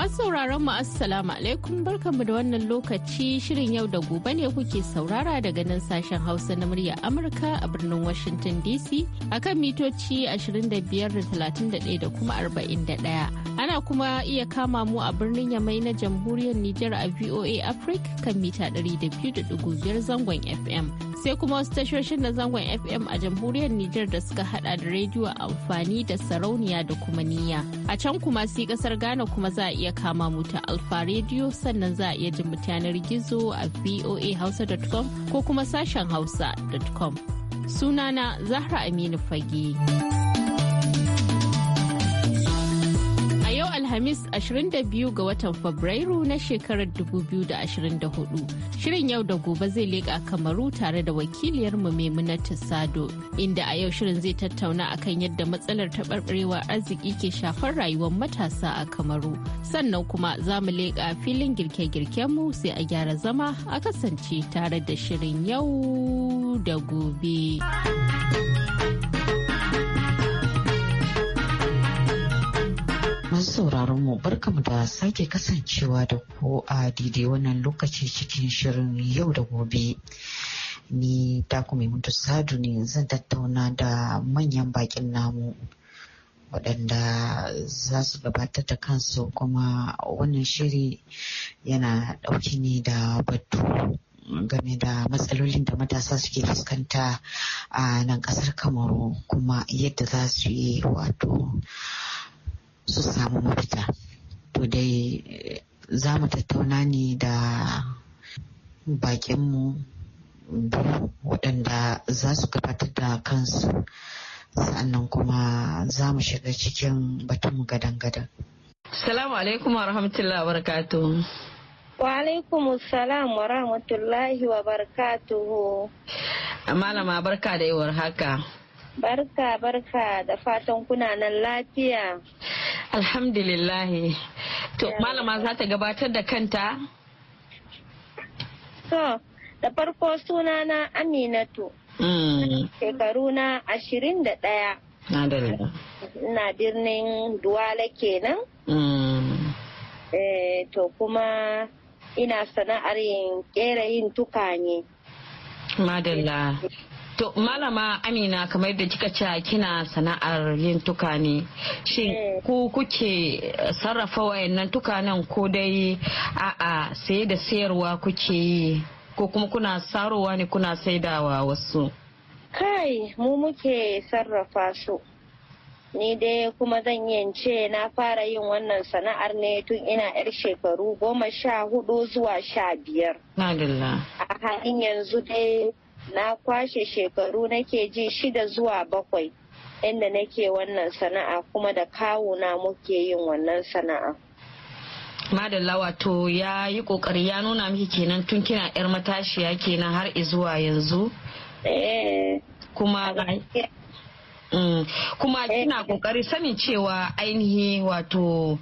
Masu sauraron mu assalamu alaikum barkanmu da wannan lokaci shirin yau da gobe ne kuke saurara daga nan sashen Hausa na murya Amurka a birnin Washington DC akan mitoci 25.31 da kuma 41. Ana kuma iya kama mu a birnin Yamai na Jamhuriyar niger a VOA Africa kan mita 200.5 zangon FM. sai kuma wasu tashoshin na zangon fm a jamhuriyar nijar da suka hada da rediyo a amfani da sarauniya da kuma niyya a can kuma sai kasar ghana kuma za a iya kama mu ta alfa rediyo sannan za a iya jin mutanen gizo a voahausa.com ko kuma sashen hausa.com sunana zahra aminu fage. Alhamis 22 ga watan Fabrairu na shekarar 2024. Shirin yau da gobe zai leƙa kamaru tare da wakiliyarmu Maimunatu Sado, inda a yau shirin zai tattauna akan yadda matsalar taɓarɓarewa arziki ke shafar rayuwar matasa a kamaru. Sannan kuma za mu leƙa filin girke-girkenmu sai a gyara zama a kasance tare da shirin yau da gobe. masu sauraron mu barkamu da sake kasancewa da ku a daidai wannan lokaci cikin shirin yau da gobe. Ni ta mai mutu sadu ne zan tattauna da manyan bakin namu waɗanda za su gabatar da kansu kuma wannan shiri yana ɗauki ne da batu game da matsalolin da matasa suke fuskanta a nan ƙasar kamaru kuma yadda za su yi wato su samu mafita to dai za mu tattauna ne da bakinmu biyu waɗanda za su gabatar da kansu sannan kuma za mu shiga cikin batun gadan-gadan. Salamu alaikum wa rahmatullahi wa Wa alaikum salam wa rahmatullahi wa barakatuhu. Malama barka da yawar haka. Barka barka da fatan kuna nan lafiya. Alhamdulillahi. To, malama za ta gabatar da kanta? To, da farko sunana Aminatu. Hmm. Shekaru na ashirin da ɗaya. Na birnin Duwala kenan. Hmm. Eh, to kuma ina sana'ar yin ƙera yin tukanye. Madalla. To malama Amina kamar da kika ce kina sana'ar yin tukane ne. Shin eh. ku kuke sarrafa wayannan tukanan ko dai a'a saye da sayarwa kuke yi ko kuma kuna sarowa ne kuna saidawa wasu? Kai mu muke sarrafa su. Ni dai kuma zan yi ce na fara yin wannan sana'ar ne tun ina 'yar shekaru goma sha hudu zuwa sha biyar. A halin yanzu dai na kwashe shekaru nake ji shida zuwa bakwai inda nake wannan sana'a kuma da na muke yin wannan sana'a. madalla wato ya yi kokari ya nuna miki kenan tun kina yar matashiya kenan har izuwa yanzu eh. mm. kuma kina kokari eh. sanin cewa ainihi wato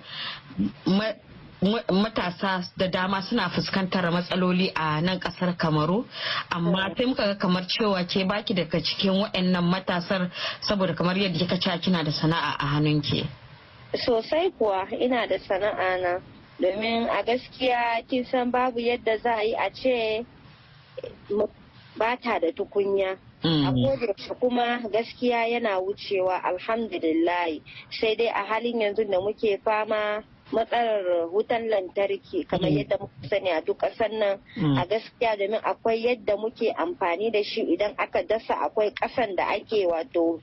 matasa da dama suna fuskantar matsaloli a nan kasar kamaru amma sai muka ga kamar cewa ke baki daga cikin waɗannan matasar saboda kamar yadda kika cewa kina da sana'a a hannunki sosai kuwa ina da sana'a na domin a gaskiya kin san babu yadda za a yi a ce bata da tukunya mm. a kodayaushe kuma gaskiya yana wucewa alhamdulillah sai dai a halin yanzu da muke fama matsalar wutan lantarki kamar mm. yadda muka sani a duk ƙasar nan mm. a gaskiya domin akwai yadda muke amfani da shi idan aka dasa akwai ƙasan da ake wato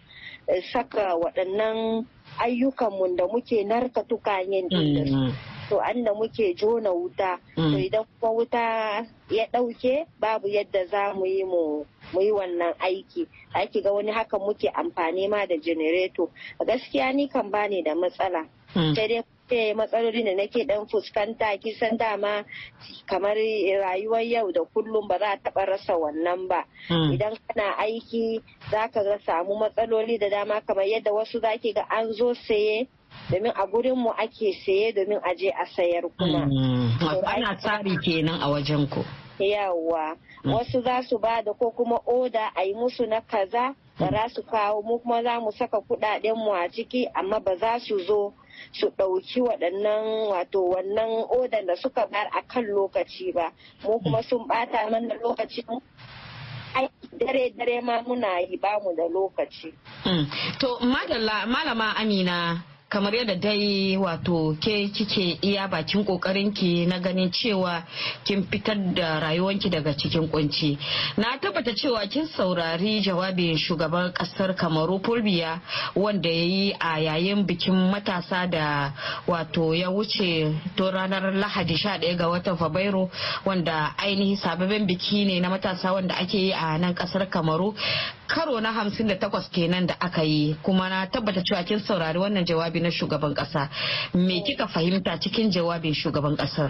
eh, saka waɗannan ayyukanmu da muke narka tukanyen mm. to an da muke jona wuta to idan kuma wuta ya ɗauke babu yadda za mu yi mu yi wannan aiki aiki ga wani hakan muke amfani ma da janareto gaskiya ni kan bani da matsala sai dai ke matsalolin da nake dan fuskanta kisan dama kamar rayuwar yau da kullum ba za a taɓa rasa wannan ba hmm. idan kana aiki za ka ga samu matsaloli da dama kamar yadda wasu za ga an zo saye domin a gurin mu ake saye domin a je a sayar kuma hmm. ana tsari kenan a wajen ku yawa hmm. wasu za su ba da ko kuma oda a yi musu na kaza ba za su kawo mu kuma za mu saka kudaden mu a ciki amma ba za su zo su ɗauki waɗannan wato wannan odan da suka bar a kan lokaci ba mu kuma sun ɓata mana lokaci dare dare ma muna yi bamu da lokaci. Hmm. To malama Amina kamar yadda dai wato ke kike iya bakin ki na ganin cewa kin fitar da rayuwanki daga cikin kunci na tabbata cewa kin saurari jawabin shugaban kasar kamaru fulbiya wanda ya yi a yayin bikin matasa da wato ya wuce to ranar lahadi 11 ga watan fabairu wanda ainihi sababin biki ne na matasa wanda ake yi a nan kasar kamaru karo na 58 kenan da aka yi kuma na tabbata cewa kin saurari wannan jawabi na shugaban kasa me kika fahimta cikin jawabin shugaban kasar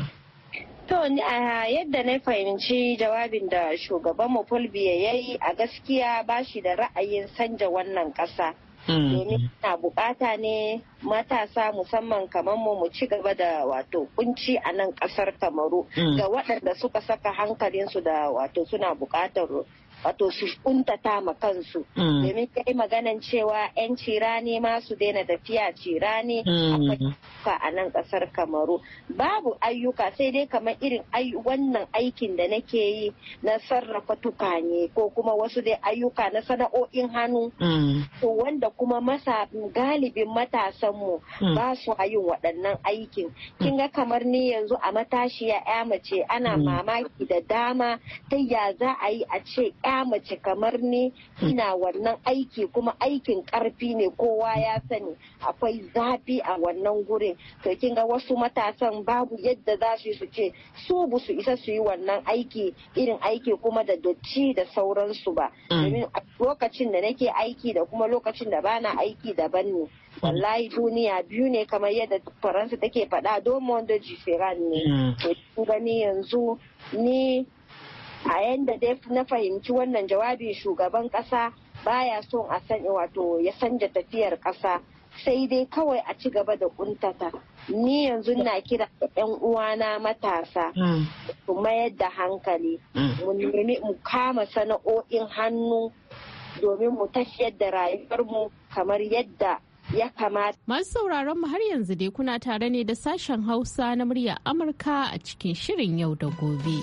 To yadda na fahimci jawabin da shugaban mu Fulbiya ya a gaskiya bashi da ra'ayin sanja wannan kasa. Hmm. Domin na bukata ne matasa musamman kamar mu mu ci gaba da wato kunci a nan ƙasar Kamaru hmm. ga waɗanda suka saka hankalinsu da wato suna bukatar wato su kuntata ma kansu mm. domin kai maganan cewa 'yan rani ma su daina tafiya rani mm. akwai a nan kasar kamaru babu ayyuka sai dai kamar irin wannan aikin da nake yi na sarrafa tukane ko kuma wasu dai ayyuka na sana'o'in hannu mm. to wanda kuma masa galibin matasanmu ba su yin waɗannan aikin kin ga kamar ni yanzu a matashiya 'ya mace ana mamaki da dama ta ya za a yi a ce 'ya mace kamar ni ina wannan aiki kuma aikin karfi ne kowa ya sani akwai zafi a wannan gurin to kin ga wasu matasan babu yadda za su su ce su bu su isa su yi wannan aiki irin aiki kuma da dotti da sauransu ba mm. domin lokacin da nake aiki da kuma lokacin da bana aiki daban ne mm. wallahi duniya biyu ne kamar yadda faransa take faɗa don mondo jifiran ne mm. to gani yanzu ni a yanda dai na fahimci wannan jawabin shugaban kasa baya son a san wato ya sanja tafiyar kasa sai dai kawai a ci gaba da kuntata ni yanzu na kira yan uwana matasa hmm. su mayar da hankali hmm. mu nemi mu kama sana'o'in hannu domin mu tafiyar da rayuwarmu kamar yadda ya kamata. Masu sauraron mu har yanzu dai kuna tare ne da sashen Hausa na murya Amurka a cikin shirin yau da gobe.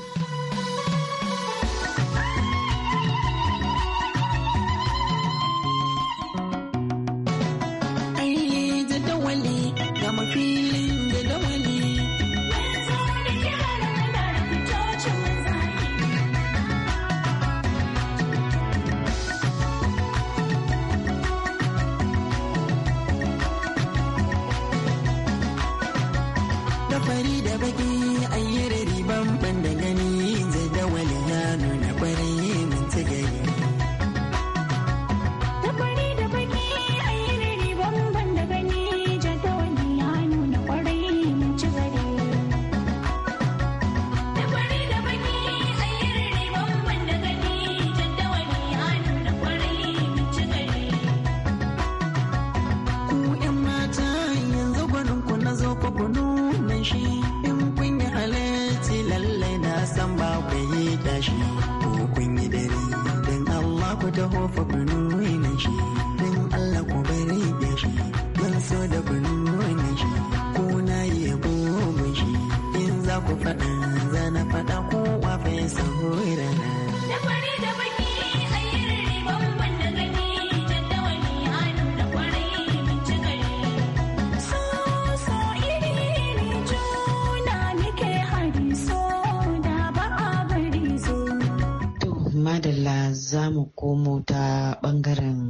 za mu komo ta bangaren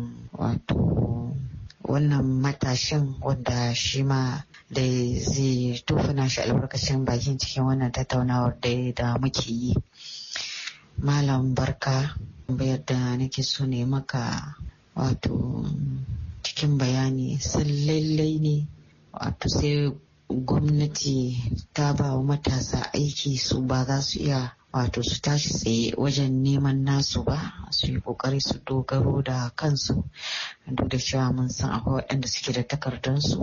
wato wannan matashin wanda shi ma da zai tufuna shi albarkacin bakin cikin wannan tattaunawar da da muke yi malam barka bayar da nake so ne maka wato cikin bayani sun lallai ne wato sai gwamnati ta ba wa matasa aiki su ba za su iya wato su tashi tsaye wajen neman nasu ba su yi kokari su dogaro da kansu duk da cewa mun san akwai waɗanda suke da takardansu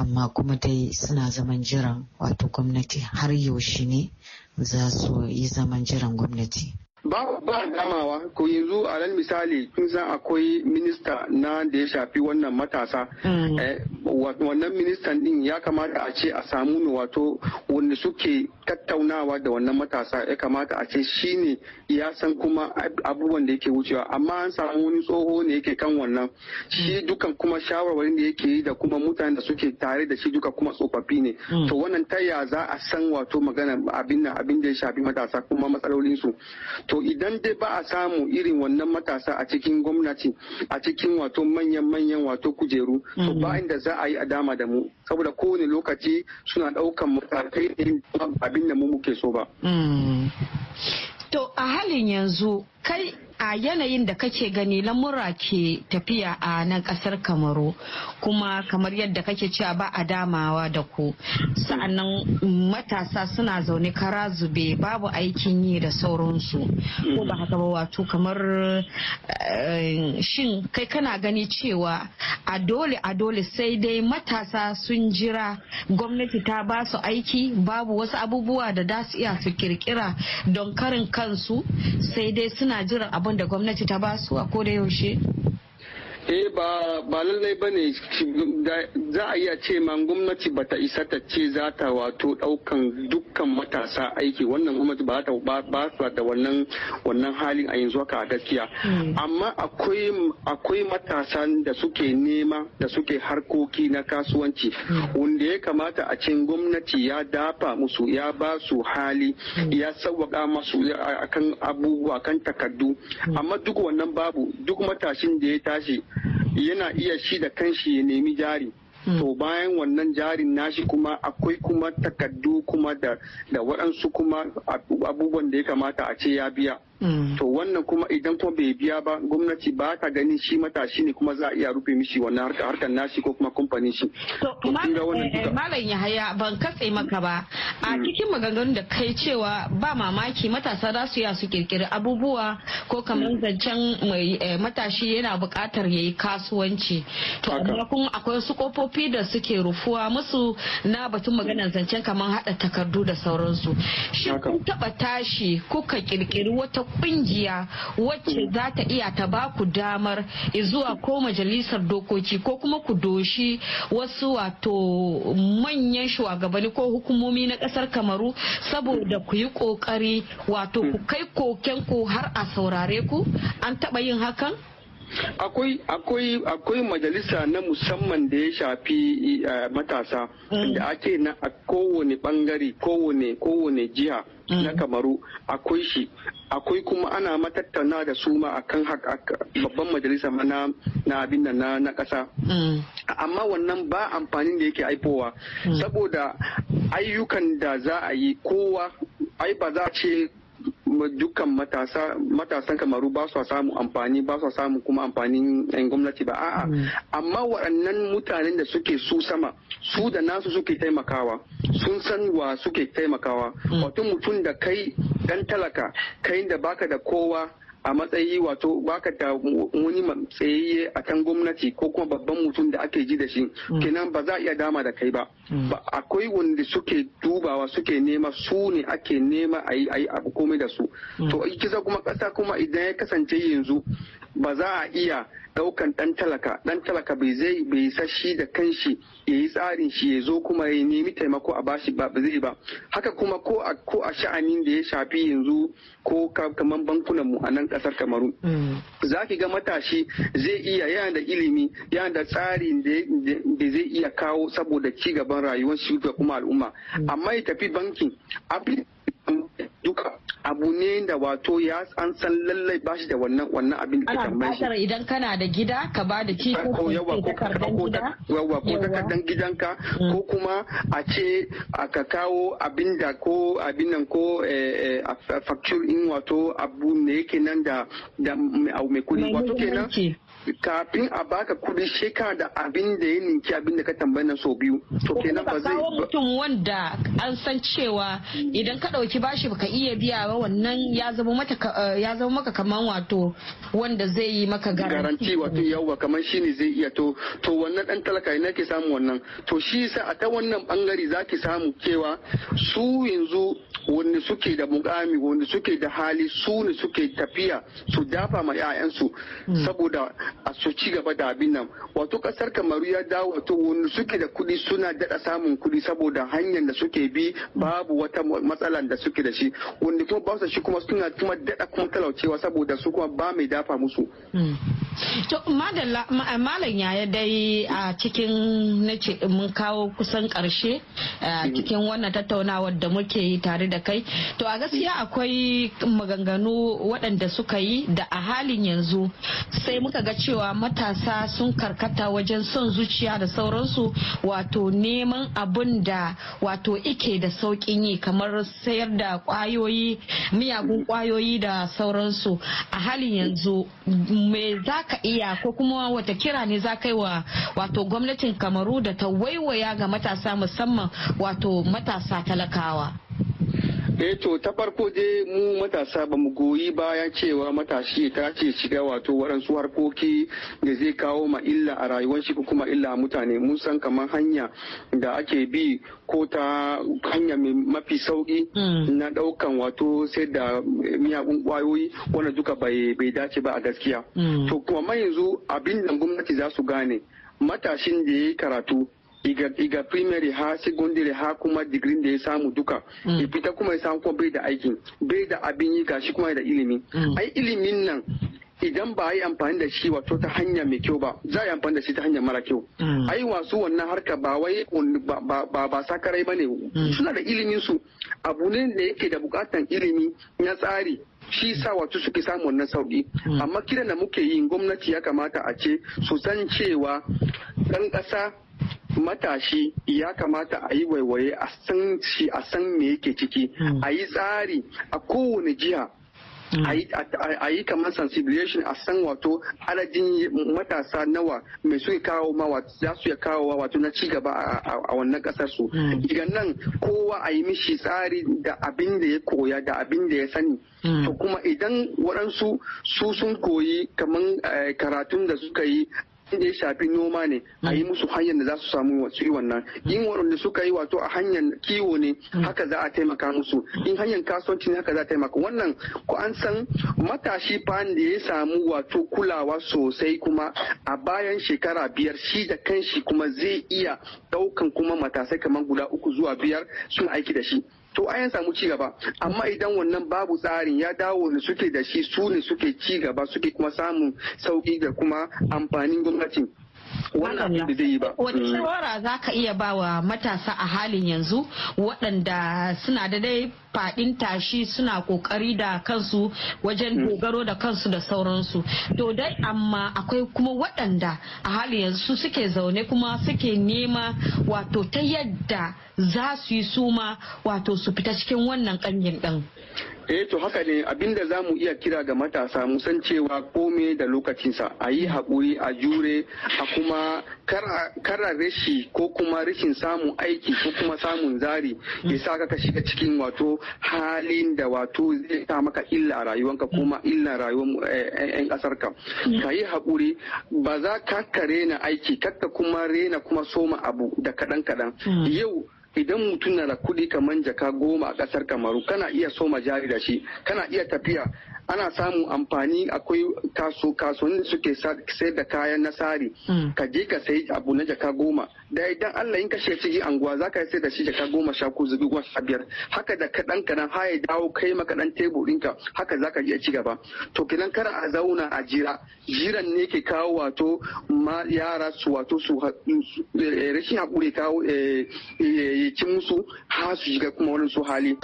amma kuma dai suna zaman jiran wato gwamnati har yaushe ne za su yi zaman jiran gwamnati Ba ba damawa ko yanzu alal misali kun san akwai minista na da ya shafi wannan matasa. Hmm. Eh, wannan ministan din ya kamata a ce a samu ne wato wanda suke tattaunawa da wannan matasa ya kamata a ce shi ne ya san kuma abubuwan da yake wucewa amma an samu wani tsoho ne yake kan wannan shi hmm. dukan kuma shawarwarin da yake yi da kuma mutanen da suke tare da shi duka kuma tsofaffi ne. Hmm. To wannan ta ya za a san wato magana abin da ya shafi matasa kuma matsalolinsu. To to idan dai ba a samu irin wannan matasa a cikin gwamnati a cikin wato manyan manyan wato kujeru to mhm. ba inda za a yi a dama da mu saboda kowane lokaci suna ɗaukan matakai abin da mu muke so ba. Mm. To a halin yanzu kai a yanayin da kake gani lamura ke tafiya a nan kasar kamaru kuma kamar yadda kake cewa ba a damawa da ku sa'annan matasa suna zaune kara zube babu aikin yi da sauransu ko ba haka ba wato kamar eh, shin kai kana gani cewa a dole a dole sai dai matasa sun jira gwamnati ta ba su aiki babu wasu abubuwa da da su iya su kirkira don karin kansu sai dai suna jiran abu abin da gwamnati ta basu a koda yaushe eh ba ba lallai bane za a iya ce ma gwamnati bata isa ta ce za ta wato daukan dukkan matasa aiki wannan gwamnati ba ta ba da wannan wannan halin a yanzu haka gaskiya hmm. amma akwai akwai matasan da suke nema da suke harkoki na kasuwanci hmm. wanda ya kamata a ce gwamnati ya dafa musu ya ba su hali hmm. ya sauwaka masu akan abubuwa kan takardu amma duk wannan babu duk matashin da ya tashi yana iya shi da kanshi ya nemi jari hmm. to bayan wannan jarin nashi kuma akwai kuma takaddu kuma da waɗansu kuma abubuwan da ya kamata a ce ya biya Mm. to wannan kuma idan kuma bai biya ba gwamnati ba ta ganin shi matashi ne kuma za a iya rufe mishi wannan harkar nashi ko kuma kamfanin shi to eh, eh, malam yahaya ban katse maka ba a mm. cikin maganganun da kai cewa ba mamaki matasa za su iya su kirkiri abubuwa ko kamar mm. zancen eh, matashi yana buƙatar ya yi kasuwanci to amma kun akwai su kofofi da suke rufuwa musu na batun maganar zancen kamar haɗa takardu da sauransu shi kun taɓa tashi kuka kirkiri wata kungiya wacce za ta iya ta ba ku damar zuwa ko majalisar dokoki ko kuma ku doshi wasu wato manyan shugabanni ko hukumomi na kasar kamaru saboda ku yi kokari wato ku kai koken ku har a saurare ku an taba yin hakan akwai akwai akwai majalisa na musamman da ya shafi eh, matasa hmm. da ake na a kowane bangare kowane kowane jiha hmm. na kamaru akwai shi akwai kuma ana matattauna da su ma akan babban majalisa na na abin na na kasa hmm. amma wannan ba amfani da yake aifowa saboda ayyukan da za a yi kowa ai ba za a ce dukkan matasa matasan kamaru ba su samu amfani ba su samu kuma amfanin yan gwamnati ba a'a hmm. amma waɗannan mutanen da suke su sama su da nasu suke taimakawa sun san wa suke taimakawa hmm. wato mutum da kai dan talaka kai da baka da kowa a matsayi wato baka da wani tsayayye a kan gwamnati ko kuma babban mutum da ake ji da shi mm. kenan ba za a iya dama da kai mm. ba akwai wanda suke dubawa suke nema su ne ake nema a yi abu komai da su mm. to kisa kuma kasa kuma idan ya kasance yanzu ba za a iya daukan dan talaka dan talaka bai zai bai sashi da kanshi ya yi tsarin shi ya zo kuma ya nemi taimako a bashi ba zai ba haka kuma ko a ko a sha'anin da ya shafi yanzu ko kamar bankunan mu a nan kasar kamaru mm. za ki ga matashi zai iya yana da ilimi yana da tsarin da zai iya kawo saboda ci gaban rayuwar shi da kuma al'umma mm. amma ya tafi bankin duka abu ne da wato ya an san lallai bashi da wannan wannan abin da kan mai ana idan kana da gida ka ba da ci ko yawa ko gida ko takardan gidanka mm. ko kuma a ce ka kawo abin da ko abin nan ko eh, eh, facture in wato abu ne yake nan da da mai kudi wato kenan kafin a baka kudi sheka da abin da ya ninki abin da ka tambayi na so biyu to kenan ba zai ba mutum wanda an san cewa idan ka dauki bashi baka iya biya ba wannan ya zama mata eh, ya zama maka kaman wato wanda zai yi maka garanti wato yawwa kaman shine zai iya to to wannan dan talaka ne ke samu wannan to shi yasa a ta wannan bangare zaki samu cewa su yanzu wanda suke da mukami wanda suke da hali su ne suke tafiya su dafa ma 'ya'yansu hmm. saboda a su ci gaba da abin nan wato kasar kamaru ya dawo wato wani suke da kuɗi suna daɗa samun kuɗi saboda hanyar da suke bi babu wata matsalan da suke da shi wanda kuma ba su shi kuma suna kuma daɗa kuma talaucewa saboda su kuma ba mai dafa musu. Hmm. to malam yaya dai a cikin na ce mun kawo kusan karshe a hmm. cikin wannan tattaunawar da muke yi tare da kai to a gaskiya akwai maganganu waɗanda suka yi da a halin yanzu sai muka ga cewa matasa sun karkata wajen son zuciya da sauransu wato neman abun da wato ike da saukin yi kamar sayar da kwayoyi miyagun kwayoyi da sauransu a halin yanzu me za ka iya ko kuma wata kira ne za yi wa wato gwamnatin kamaru da ta waiwaya ga matasa musamman wato matasa talakawa Eh to ta farko dai mu matasa ba mu goyi bayan cewa matashi ta ce shiga wato waɗansu harkoki da zai kawo ma illa a rayuwar shi kuma illa mutane mun san kamar hanya da ake bi ko ta hanya mai mafi sauki hmm. na ɗaukan wato sai da miyagun kwayoyi wanda duka bai dace ba a gaskiya. Hmm. To kuma yanzu abin da gwamnati za su gane matashin da ya yi karatu iga, primary ha secondary ha kuma digirin da ya samu duka mm. ya fita kuma ya samu kuma bai da aikin bai da abin yi gashi kuma da ilimi mm. ai ilimin nan idan ba a yi amfani da shi wato ta hanya mai kyau ba za a yi amfani da shi ta hanya mara kyau mm. ai wasu wannan harka ba wai ba ba sakarai bane suna da ilimin su abu ne da yake da bukatan ilimi na tsari shi sa wato suke samu wannan sauki amma kiran da muke yi gwamnati ya kamata a ce su san cewa dan kasa matashi ya kamata a yi waiwaye a san shi a san me yake ciki hmm. a yi tsari a kowane jiha hmm. a yi kamar sensibilization a san wato adadin matasa nawa mai su kawo ma za su ya kawo wato na cigaba a wannan kasar su hmm. daga nan kowa a yi mishi tsari da abin da ya koya da abin da ya sani to kuma idan waɗansu su sun koyi kamar eh, karatun da suka yi da ya shafi noma ne a yi mm. musu hanyar da za su samu wasu yi wannan yin mm. waɗanda suka yi wato a hanyar kiwo ne mm. haka za a taimaka musu in hanyar kasuwanci ne haka za a taimaka wannan ko an san matashi fa da ya samu wato kulawa sosai kuma a bayan shekara biyar shi da kanshi kuma zai iya ɗaukan kuma matasai kamar guda uku zuwa biyar sun aiki da shi to an samu ci gaba amma idan wannan babu tsarin ya dawo da suke da shi su ne suke ci gaba suke kuma samun sauki da kuma amfanin gwamnatin wani mm. shawara za ka iya ba wa matasa a halin yanzu waɗanda suna da dai faɗin tashi suna kokari da kansu wajen mm. dogaro da kansu da sauransu to dai amma akwai kuma waɗanda a halin yanzu suke zaune kuma suke nema wato ta yadda za su yi suma wato su fita cikin wannan ƙangin ɗin eh to haka ne abinda za mu iya kira ga matasa musan cewa kome da lokacinsa a yi haƙuri a jure a kuma kara rashi ko kuma rashin samun aiki ko kuma samun zari ya sa ka shiga cikin wato halin da wato zai sa maka illa a rayuwanka kuma illa rayuwar eh, eh, 'yan kasar ka ka yi haƙuri ba za ka rena aiki kakka kuma rena kuma soma abu da kaɗan kaɗan hmm. yau idan mutum na da kuɗi kamar jaka goma a ƙasar kamaru kana iya soma jari da shi kana iya tafiya ana samun amfani akwai kaso kasuwanni suke sai da kayan nasari hmm. ka je ka sayi abu na jaka goma da idan Allah in ka shi ciki anguwa za ka sai da shi jaka goma sha ko zubi goma sha biyar haka da kaɗan kaɗan har dawo kai maka ɗan ka. haka za ka je ci gaba to kinan kar a zauna a jira jiran ne ke kawo wato ma yara su wato su eh, eh, rashin haƙuri kawo eh, ya ci musu ha su shiga kuma wani su hali.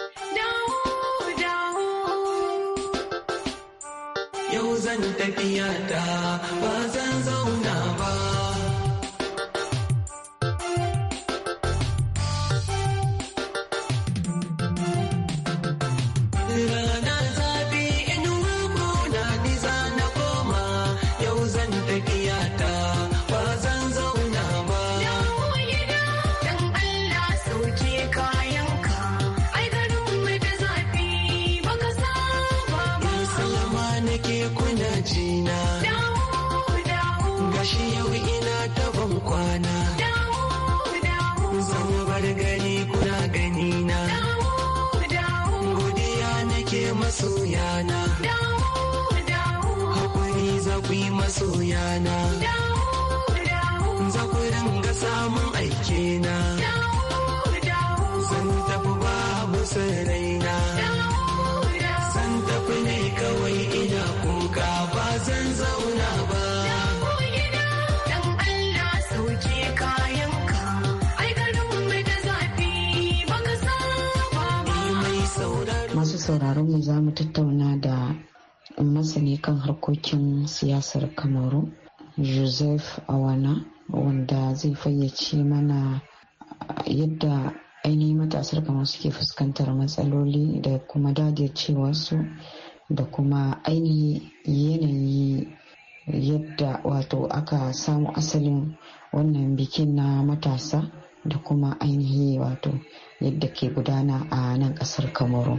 yau zan tafiya ta ba zan zauna ba rana sauraron mu za mu tattauna da masani kan harkokin siyasar kamaru joseph awana wanda zai fayyace mana yadda ainihin matasar kamar suke fuskantar matsaloli da kuma jajircewarsu da kuma ainihin yanayi yadda wato aka samu asalin wannan bikin na matasa da kuma ainihi wato yadda ke gudana a nan kasar kamaru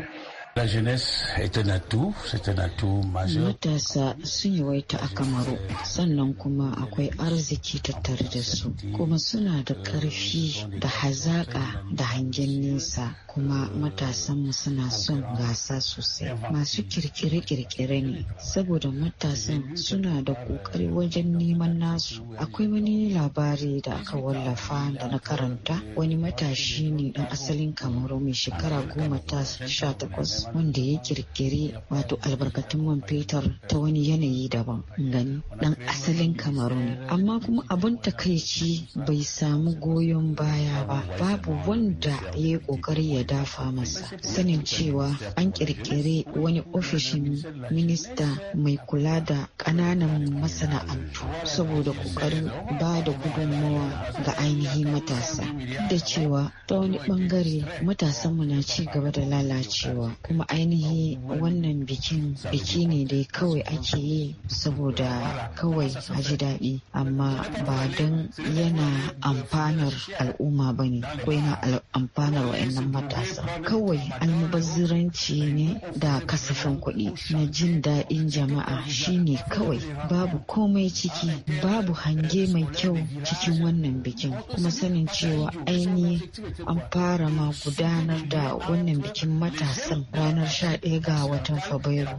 La jeunesse est un atout, c'est un atout majeur. Matasa sun yi yawaita a Kamaru, sannan kuma akwai arziki tattare da su, kuma suna da ƙarfi da hazaƙa da hangen nesa, kuma matasanmu suna son gasa sosai. Masu kirkire-kirkire ne, saboda matasan suna da ƙoƙari wajen neman nasu. Akwai wani labari da aka wallafa da na karanta, wani matashi ne ɗan asalin Kamaru mai shekara goma ta sha takwas wanda ya kirkiri wato albarkatun man fetur ta wani yanayi daban gani dan asalin ne. amma kuma abin takaici bai samu goyon baya ba babu wanda ya yi kokari ya dafa masa sanin cewa an kirkiri wani ofishin minista mai kula da ƙananan masana'antu saboda kokarin ba da gudunmawa ga ainihin matasa da cewa ta wani bangare matasanmu na ci gaba da lalacewa kuma ainihi wannan bikin biki ne dai kawai ake yi saboda kawai a ji daɗi amma ba don yana amfanar al'umma ba ne ko yana amfanar wa'annan matasa kawai almubazziranci ne da kasafin kuɗi na jin daɗin jama'a shine kawai babu komai ciki babu hange mai kyau cikin wannan bikin kuma sanin cewa ainihi an fara ma gudanar da wannan bikin matasan ranar 11 ga watan Fabrairu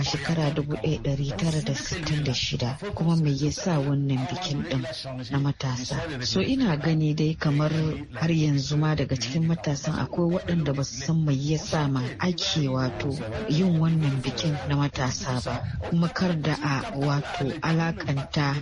a shekara 1966 kuma me yasa wannan bikin ɗin na matasa. So ina gani dai kamar har yanzu ma daga cikin matasan akwai waɗanda ba su san me yasa ma ake wato yin wannan bikin na matasa ba kuma kar da a wato alakanta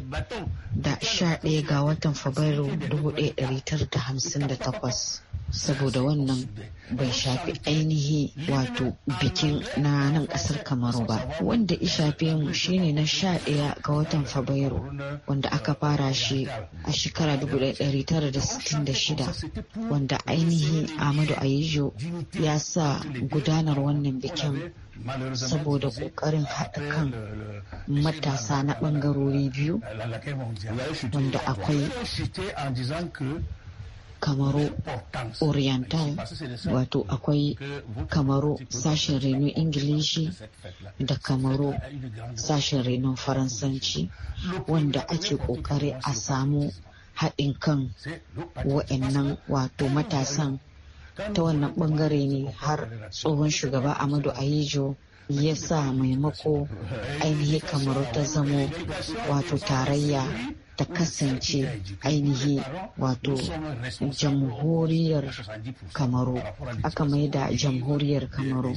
da 11 ga watan Fabrairu 1958. saboda wannan bai shafi ainihi wato bikin na nan kasar kamaru ba wanda ya shafe mu shine na sha ɗaya ga watan fabrairu wanda aka fara shi a shekara 1966 wanda ainihi amadu ayijo ya sa gudanar wannan bikin saboda kokarin haɗa kan matasa na ɓangarori biyu wanda akwai kamaru oriental wato akwai kamaru sashen renon ingilishi da kamaro sashen renon faransanci wanda ake kokari a samu haɗin kan wa'annan wato matasan ta wannan bangare ne har tsohon shugaba amadu ayijo ya sa maimako ainihi kamar ta zamo wato tarayya ta kasance ainihi wato jamhuriyar kamaru aka maida jamhuriyar kamaru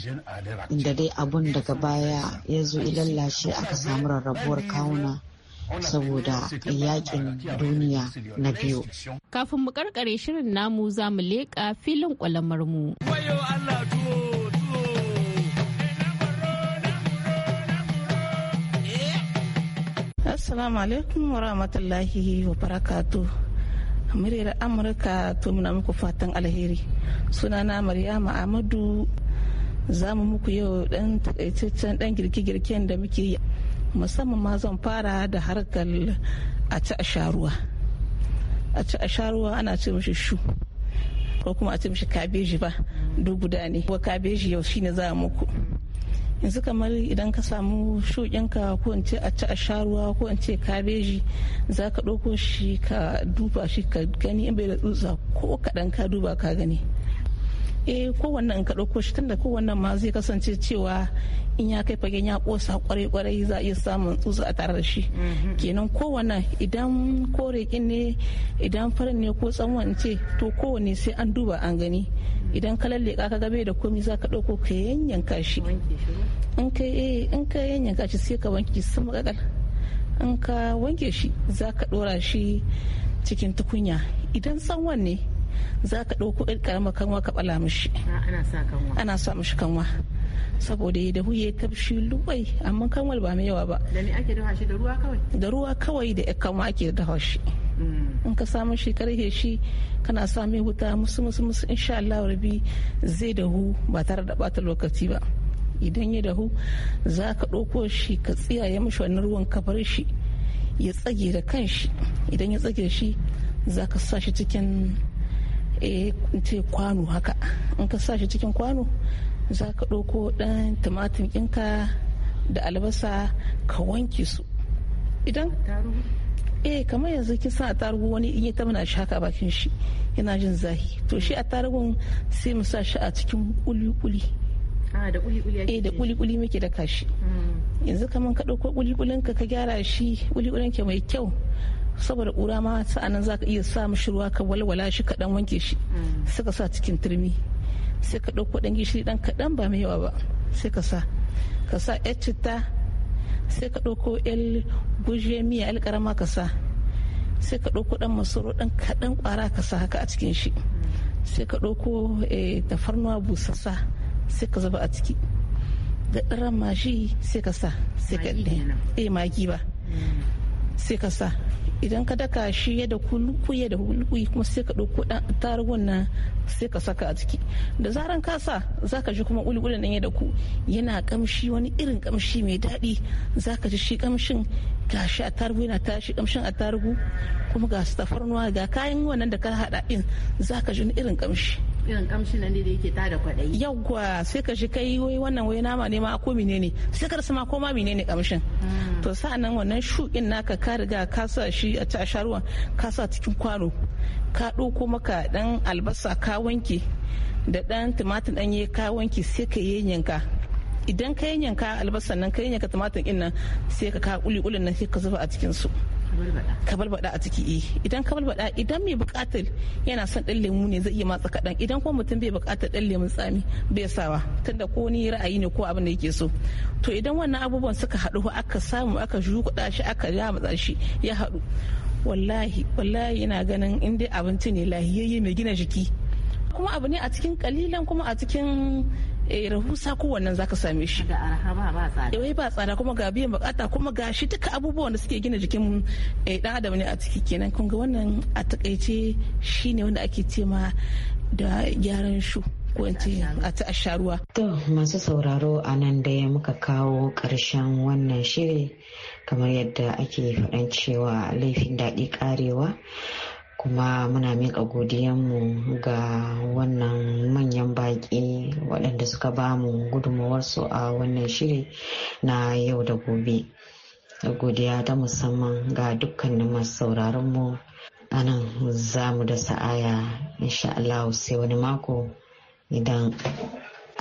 inda dai abun daga baya ya zo ilallashe aka samu rarrabuwar kawuna saboda yakin duniya na biyu kafin mu karkare shirin namu za mu leƙa filin kwalamar mu. assalamu alaikum wa rahmatullahi wa barakatu muryar amurka to muna muku fatan alheri sunana maryama amadu za mu muku yau dan takaitaccen dan girke-girken da muke yi musamman ma zan fara da harkar a ci a sharuwa a ci a sharuwa ana ce mishi shu ko kuma a ce mishi kabeji ba duk guda ne wa kabeji yau shine za muku yanzu kamar idan ka samu shukinka ko in ce a ci a sha ruwa ko in ce kabeji za ka ɗauko shi ka duba shi ka gani in bai da tsutsa ko kaɗan ka duba ka gani eh kowanne in ka ɗauko shi tunda kowanne ma zai kasance cewa in ya kai fagen ya kosa kwarai kwarai za a iya samun tsutsu a tare da shi mhm. kenan kowanne idan kore ne idan farin ne ko tsawon ce to kowanne sai an duba an gani idan ka lalle ka gabe da komi za ka ɗauko ka yanyanka shi eh, in ka yanyanka shi sai ka wanke sama in ka wanke shi za ka ɗora shi cikin tukunya idan tsawon ne za ka ɗauko ɗin ƙaramar kanwa ka ɓala mishi ah, ana sa mishi kanwa saboda da huye ta lubai amma kanwal ba mai yawa ba da me ake da ruwa kawai da ruwa kawai da kanwa ake dafa shi mm. in ka samu shi karhe shi kana sa mai wuta musu musu musu insha Allah rabi zai dahu ba tare da bata lokaci ba idan ya dahu za ka ɗauko shi ka tsiyaye mishi wannan ruwan ka bar shi ya tsage da kanshi idan ya tsage shi za ka sa shi cikin eh ce kwano haka in ka sa shi cikin kwano za ka ɗauko ɗan tumatir ɗinka da albasa ka wanke su idan eh kamar yanzu kin san attarugu wani in ya tamana shi haka bakin shi yana jin zahi to shi attarugun sai mu sa shi a cikin kuli-kuli ah, eh da kuli-kuli muke da kashi hmm. yanzu kamar ka ɗauko kuli ka gyara shi kuli mai kyau saboda ƙura ma sa'anan za ka iya sa mishi ruwa ka walwala shi ka dan wanke shi mm. sai ka sa cikin turmi sai ka ɗauko ɗan gishiri ɗan kaɗan ba mai yawa ba sai ka sa ka sa yar citta sai ka ɗauko yar guje miya yar ƙarama ka sa sai ka ɗauko ɗan masoro ɗan kaɗan ƙwara ka sa haka a cikin shi mm. sai ka ɗauko eh, tafarnuwa busassa sai ka zuba a ciki da ɗaran ramashi sai ka sa sai ka ɗaya eh, magi ba mm. sai ka sa idan ka daka shi ya da kuyi da kuma sai ka ɗauko ɗan tarugun nan sai ka saka a ciki da zaran ka sa za ka ji kuma uli nan ya ku yana kamshi wani irin kamshi mai daɗi za ka ji shi kamshin gashi a tarugu yana tashi kamshin a tarugu kuma ga su tafarnuwa ga kayan wannan da ka haɗa ɗin za ka ji wani irin kamshi irin kamshin nan da yake tada kwaɗayi. Yawwa sai ka shi kai wai wannan wai nama ne ma ko menene sai ka rasa ma ko ma menene kamshin. Hmm. To sa'annan wannan shuɗin naka ka riga ka sa shi a sharuwan ka sa cikin kwano ka ɗauko maka ɗan albasa ka wanke da ɗan tumatir ɗanye ka wanke sai ka yanyanka idan ka yanyanka albasan nan ka yanyanka tumatir ɗin nan sai ka ka ƙuli ƙulin nan sai ka zuba a cikin su. kabalbada a ciki eh idan kabalbada idan mai bukatar yana son dan lemu ne zai iya matsa kadan idan kuma mutum bai bukatar dan lemun tsami bai sawa tunda ko ni ra'ayi ne ko abin da yake so to idan wannan abubuwan suka haɗu aka samu aka jukuɗa shi aka matsa shi ya haɗu wallahi wallahi ina ganin in dai abinci ne lahiyayye mai gina jiki kuma abu ne a cikin kalilan kuma a cikin eh rahusa ko wannan zaka same shi ga ba tsada eh ba tsada kuma ga biyan bukata kuma ga shi duka abubuwan da suke gina jikin eh dan adam ne a ciki kenan kun ga wannan a takaice shine wanda ake cema da gyaran shu to masu sauraro a nan da muka kawo karshen wannan shiri kamar yadda ake faɗan cewa laifin daɗi ƙarewa. kuma muna miƙa godiyanmu ga wannan manyan baƙi waɗanda suka ba mu gudunmawarsu a wannan shiri na yau da gobe godiya ta musamman ga dukkanin masu sauraronmu a nan za mu da sa'aya insha Allah sai wani mako idan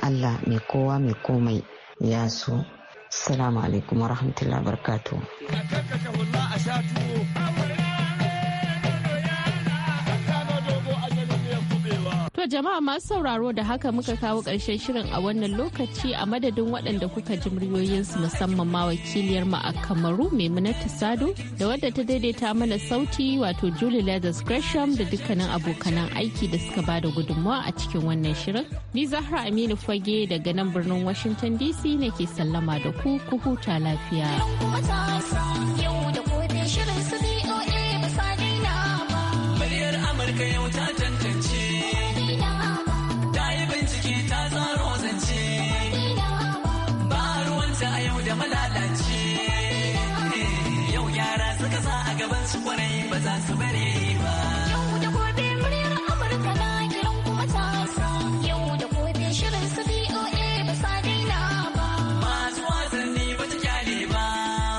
Allah mai kowa mai komai ya so salamu alaikum wa rahmatullahi jama'a masu sauraro da haka muka kawo ƙarshen shirin a wannan lokaci a madadin waɗanda kuka ji muryoyinsu musamman ma wakiliyar mu a Kamaru Maimunatu Sado da wadda ta daidaita mana sauti wato Julie Leathers Gresham da dukkanin abokanan aiki da suka ba da gudunmawa a cikin wannan shirin. Ni Zahra Aminu Fage daga nan birnin Washington DC nake sallama da ku ku huta lafiya. Amurka